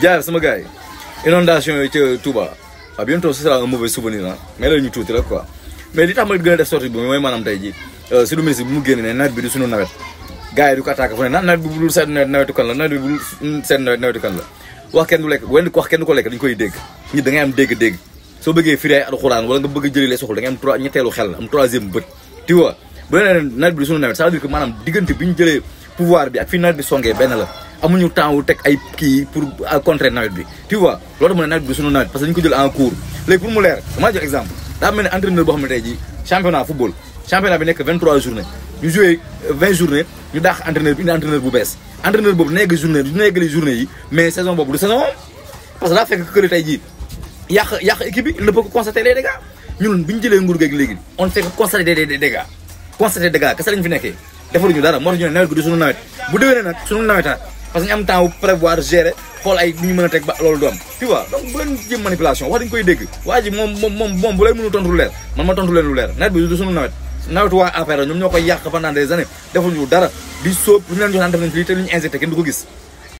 jaar sama gay yi inondation yooyu ca Touba à bientôt ce sera un mauvais souvenir ah mais la ñu tuuti la quoi mais li tax ma yang a def sortie bi mooy maanaam ini, jii ministre nafas, mu génne ne nawet bi du suñu nawet gars du bi bu dul nawetu kan la nawet bi bu dul seen nawet nawetu kan la wax kenn du lekk wenn wax kenn du ko lekk dañu koy dégg nit da ngay am dégg-dégg so bëggee firi ay alxuraan wala nga bëgg a jëlee soxla da ngay am trois ñetteelu xel am troisième bët tu vois bu ne nawet bi du suñu nawet ça veut bi pouvoir bi ak bi la amuñu temps wu teg ay kii pour euh, contrer nawet bi tu vois loolu mu nawet bi sunu nawet parce que dañu ko jël en cours léegi pour mu leer dama jox exemple daa mel ne entraîneur boo xam championnat football championnat bi nekk 23 journée ñu joué 20 journée ñu daax entraîneur bu bees entraîneur boobu dina yeggali journée dina journée yi mais saison boobu du saison parce que daa fekk kër tey jii yàq yàq équipe bi il ne peut que ñu jëlee nguur léegi on fait que constater des dégâts constater dégâts kese parce que ñu am temps wu prévoir gérer xool ay li ñu mën a teg ba loolu du am tu vois donc bu leen jëm manipulation wax dañu koy dégg waa moom moom moom moom bu leen mënu tontu lu leer man ma tontu leen lu leer nawet bi du nawet nawetu waa affaire ñoom ñoo koy yàq pendant des années defuñu dara di sóob lu ñu leen jox naan def nañ fi te lu ñu injecté kenn du ko gis